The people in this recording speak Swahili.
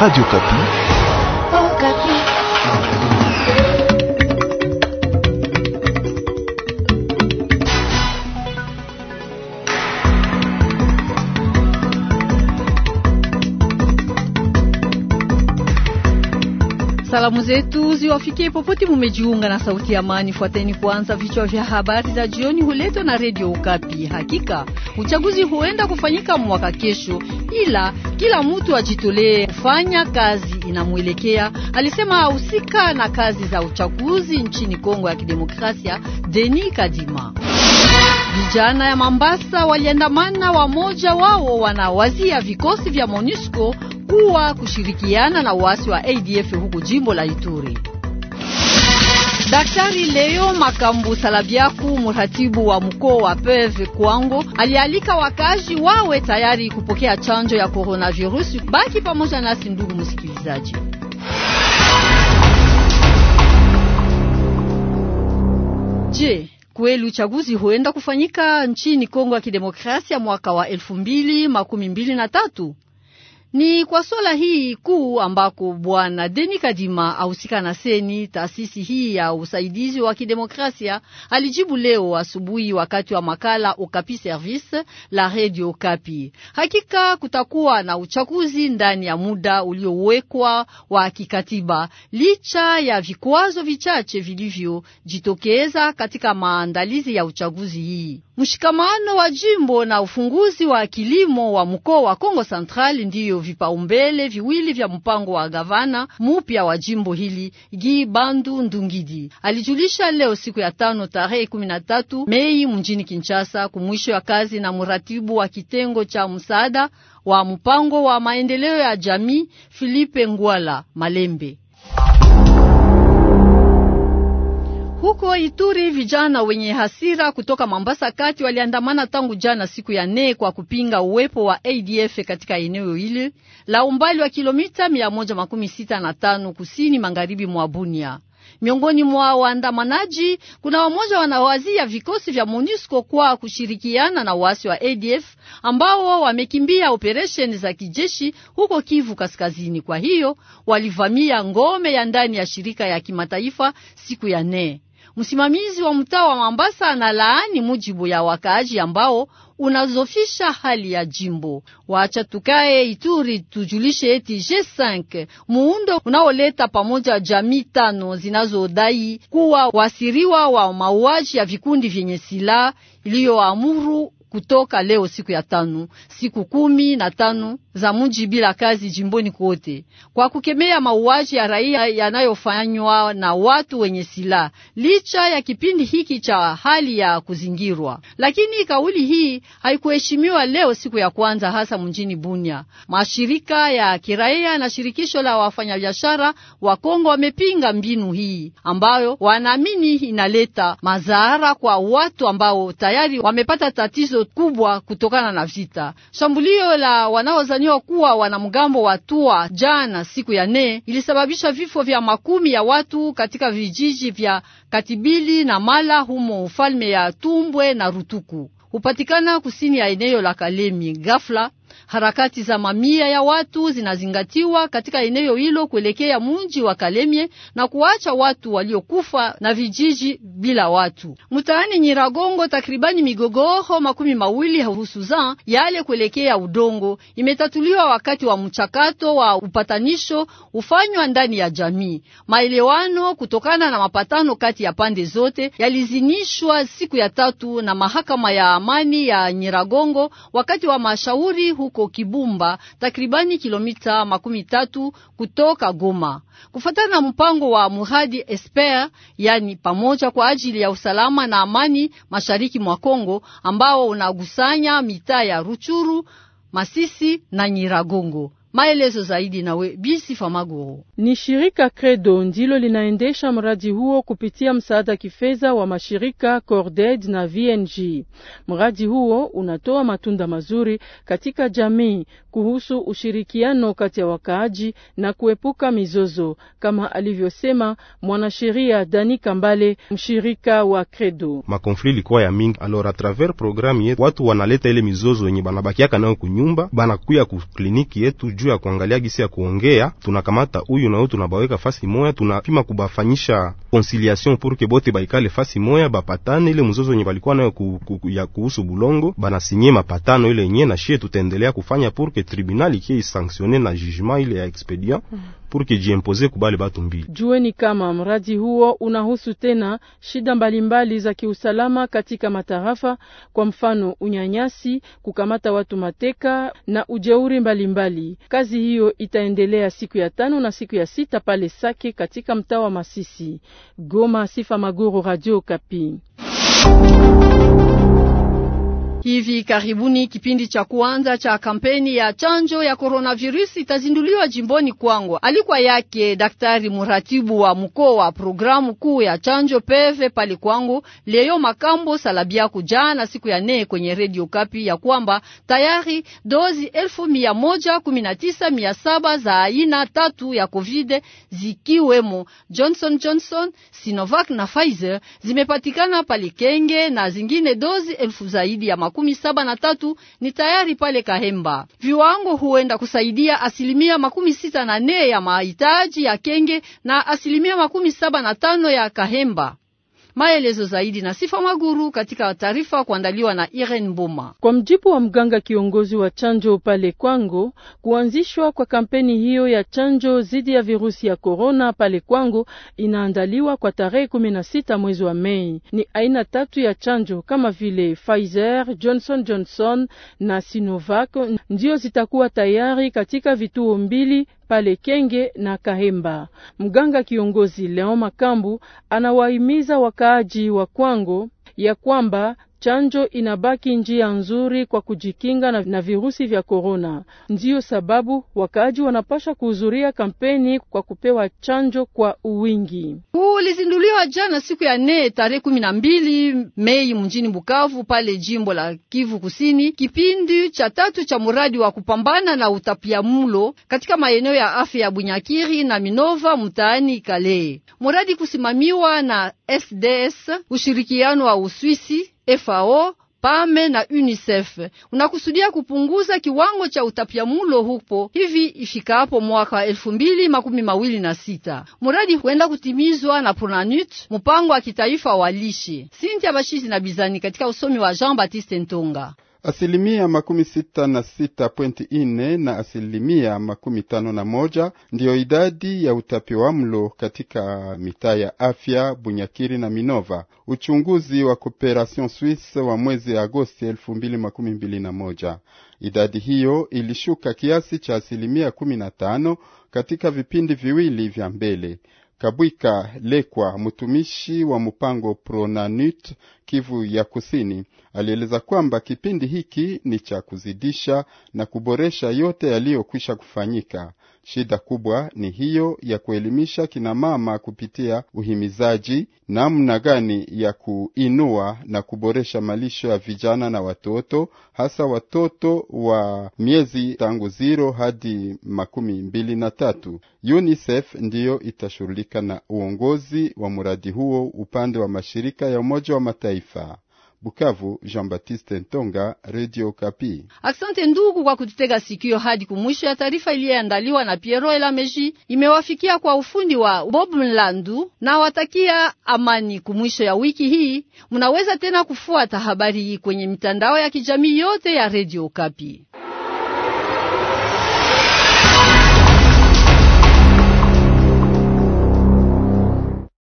Radio Kapi. Salamu zetu ziwafikie popote mumejiunga na Sauti ya Amani. Fuateni kwanza vichwa vya habari za jioni, huletwa na Redio Ukapi. Hakika uchaguzi huenda kufanyika mwaka kesho, ila kila mtu ajitolee kufanya kazi inamwelekea, alisema ahusika na kazi za uchaguzi nchini Kongo ya Kidemokrasia, Denis Kadima. Vijana ya Mambasa waliandamana, wamoja wao wanawazia vikosi vya MONUSCO kuwa kushirikiana na waasi wa ADF huko jimbo la Ituri. Daktari Leo Makambu salabiaku mratibu wa mkoa wa pev Kwango, alialika wakazi wawe tayari kupokea chanjo ya coronavirus. Baki pamoja nasi ndugu msikilizaji. Je, kweli uchaguzi huenda kufanyika nchini Kongo ya Kidemokrasia mwaka wa elfu mbili makumi mbili na tatu? Ni kwa swala hii kuu ambako bwana Deni Kadima ahusika na seni taasisi hii ya usaidizi wa kidemokrasia alijibu leo asubuhi wakati wa makala Okapi Service la Radio Okapi. Hakika kutakuwa na uchaguzi ndani ya muda uliowekwa wa kikatiba, licha ya vikwazo vichache vilivyojitokeza katika maandalizi ya uchaguzi hii. Mshikamano wa jimbo na ufunguzi wa kilimo wa mkoa wa Kongo Central ndiyo vipaumbele viwili vya mpango wa gavana mupya wa jimbo hili Gi Bandu Ndungidi. Alijulisha leo siku ya tano tarehe 13 Mei mjini Kinshasa kumwisho ya kazi na muratibu wa kitengo cha msaada wa mpango wa maendeleo ya jamii Philippe Ngwala Malembe. Huko Ituri vijana wenye hasira kutoka Mambasa kati waliandamana tangu jana siku ya nne kwa kupinga uwepo wa ADF katika eneo hili la umbali wa kilomita 165 kusini magharibi mwa Bunia. Miongoni mwa waandamanaji kuna wamoja wanawazia vikosi vya MONUSCO kwa kushirikiana na waasi wa ADF ambao wamekimbia operesheni za kijeshi huko Kivu Kaskazini. Kwa hiyo walivamia ngome ya ndani ya shirika ya kimataifa siku ya nne. Msimamizi wa mtaa wa Mambasa na laani mujibu ya wakaaji ambao unazofisha hali ya jimbo. Wacha tukae Ituri tujulishe eti G5 muundo unaoleta pamoja jamii tano zinazodai kuwa wasiriwa wa mauaji ya vikundi vyenye silaha iliyoamuru kutoka leo siku ya tano, siku kumi na tano za muji bila kazi jimboni kote, kwa kukemea mauaji ya raia yanayofanywa na watu wenye silaha, licha ya kipindi hiki cha hali ya kuzingirwa. Lakini kauli hii haikuheshimiwa leo siku ya kwanza, hasa mjini Bunia. Mashirika ya kiraia na shirikisho la wafanyabiashara wa Kongo wamepinga mbinu hii ambayo wanaamini inaleta madhara kwa watu ambao tayari wamepata tatizo tatizo kubwa kutokana na vita. Shambulio la wanaozaniwa kuwa wanamgambo wa Tua jana siku ya nne ilisababisha vifo vya makumi ya watu katika vijiji vya Katibili na Mala humo ufalme ya Tumbwe na Rutuku hupatikana kusini ya eneo la Kalemi. Ghafla Harakati za mamia ya watu zinazingatiwa katika eneo hilo kuelekea mji wa Kalemie na kuacha watu waliokufa na vijiji bila watu. Mtaani Nyiragongo, takribani migogoro makumi mawili hususa yale kuelekea udongo imetatuliwa wakati wa mchakato wa upatanisho ufanywa ndani ya jamii. Maelewano kutokana na mapatano kati ya pande zote yalizinishwa siku ya tatu na mahakama ya amani ya Nyiragongo wakati wa mashauri huko huko Kibumba, takribani kilomita makumi tatu kutoka Goma, kufuatana na mpango wa muradi Esper, yani pamoja kwa ajili ya usalama na amani mashariki mwa Kongo, ambao unagusanya mitaa ya Ruchuru, Masisi na Nyiragongo. Maelezo zaidi nawe Bisifa Maguru. Ni shirika Credo ndilo linaendesha mradi huo kupitia msaada kifedha wa mashirika Corded na VNG. Mradi huo unatoa matunda mazuri katika jamii kuhusu ushirikiano kati ya wakaaji na kuepuka mizozo, kama alivyosema mwanasheria Dani Kambale, mshirika wa Credo. Makonfli ilikuwa ya mingi, alors a travers programme yetu watu wanaleta ile mizozo yenye banabakiaka nayo kunyumba, banakuya ku kliniki yetu juu juu ya kuangalia gisi ya kuongea, tunakamata huyu na huyu tunabaweka fasi moya, tunapima kubafanyisha conciliation pour que bote baikale fasi moya bapatane, ile mzozo yenye balikuwa nayo ku, ku, ya kuhusu Bulongo banasinye mapatano ile yenye na shie tutaendelea kufanya pour que tribunal ikie isanctionne na jugement ile ya expedient mm -hmm purke jiempoze kubale batu mbili. Jueni kama mradi huo unahusu tena shida mbalimbali za kiusalama katika matarafa, kwa mfano unyanyasi, kukamata watu mateka na ujeuri mbalimbali mbali. Kazi hiyo itaendelea siku ya tano na siku ya sita pale Sake katika mtaa wa Masisi. Goma, Sifa Maguru, Radio Kapi. Hivi karibuni kipindi cha kuanza cha kampeni ya chanjo ya koronavirusi itazinduliwa jimboni Kwango. Alikuwa yake daktari muratibu wa mkoa wa programu kuu ya chanjo peve pale Kwango, Leo Makambo Salabia, kujana siku ya nne kwenye redio Kapi ya kwamba tayari dozi elfu mia moja kumi na tisa mia saba za aina tatu ya COVID zikiwemo Johnson Johnson, Sinovac na Pfizer zimepatikana pale Kenge na zingine dozi elfu zaidi ya makumi saba na tatu ni tayari pale Kahemba. Viwango huenda kusaidia asilimia makumi sita na nne ya mahitaji ya Kenge na asilimia makumi saba na tano ya Kahemba. Maelezo zaidi na Sifa Maguru katika taarifa kuandaliwa na Irene Mbuma. Kwa mjibu wa mganga kiongozi wa chanjo pale Kwango, kuanzishwa kwa kampeni hiyo ya chanjo dhidi ya virusi ya korona pale Kwango inaandaliwa kwa tarehe 16 mwezi wa Mei. Ni aina tatu ya chanjo kama vile Pfizer, Johnson Johnson na Sinovac ndio zitakuwa tayari katika vituo mbili pale Kenge na Kahemba. Mganga kiongozi Leon Makambu anawahimiza wakaaji wa Kwango ya kwamba Chanjo inabaki njia nzuri kwa kujikinga na, na virusi vya korona. Ndiyo sababu wakaaji wanapasha kuhudhuria kampeni kwa kupewa chanjo kwa uwingi. Huu ulizinduliwa jana siku ya nne tarehe kumi na mbili Mei mjini Bukavu pale jimbo la Kivu Kusini, kipindi cha tatu cha mradi wa kupambana na utapiamlo katika maeneo ya afya ya Bunyakiri na Minova mtaani Kale, mradi kusimamiwa na SDS ushirikiano wa Uswisi FAO PAME na UNICEF unakusudia kupunguza kiwango cha mulo hupo hivi ifikapo mwaka elfu mbili makumi mawili na sita. Muradi huenda kutimizwa na Pronanut, mpango wa kitaifa wa lishe. Sinti Abashizi na Bizani katika usomi wa Jean Baptiste Ntonga asilimia makumi sita na sita pointi ine na asilimia makumi tano na moja ndiyo idadi ya utapi wa mlo katika mitaa ya afya Bunyakiri na Minova. Uchunguzi wa Cooperation Suisse wa mwezi Agosti elfu mbili makumi mbili na moja idadi hiyo ilishuka kiasi cha asilimia kumi na tano katika vipindi viwili vya mbele. Kabwika Lekwa, mtumishi wa mpango Pronanut Kivu ya Kusini, alieleza kwamba kipindi hiki ni cha kuzidisha na kuboresha yote yaliyokwisha kufanyika. Shida kubwa ni hiyo ya kuelimisha kinamama kupitia uhimizaji namna gani ya kuinua na kuboresha malisho ya vijana na watoto, hasa watoto wa miezi tangu ziro hadi makumi mbili na tatu. UNICEF ndiyo itashughulika na uongozi wa mradi huo upande wa mashirika ya Umoja wa Mataifa. Bukavu, Jean Baptiste Ntonga, Radio Kapi. Asante ndugu kwa kututega sikio hadi kumwisho ya taarifa iliyoandaliwa na Piero Elameji, imewafikia kwa ufundi wa Bob Mlandu na watakia amani kumwisho ya wiki hii. Munaweza tena kufuata habari hii kwenye mitandao ya kijamii yote ya Radio Kapi.